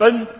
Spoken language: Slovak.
Pán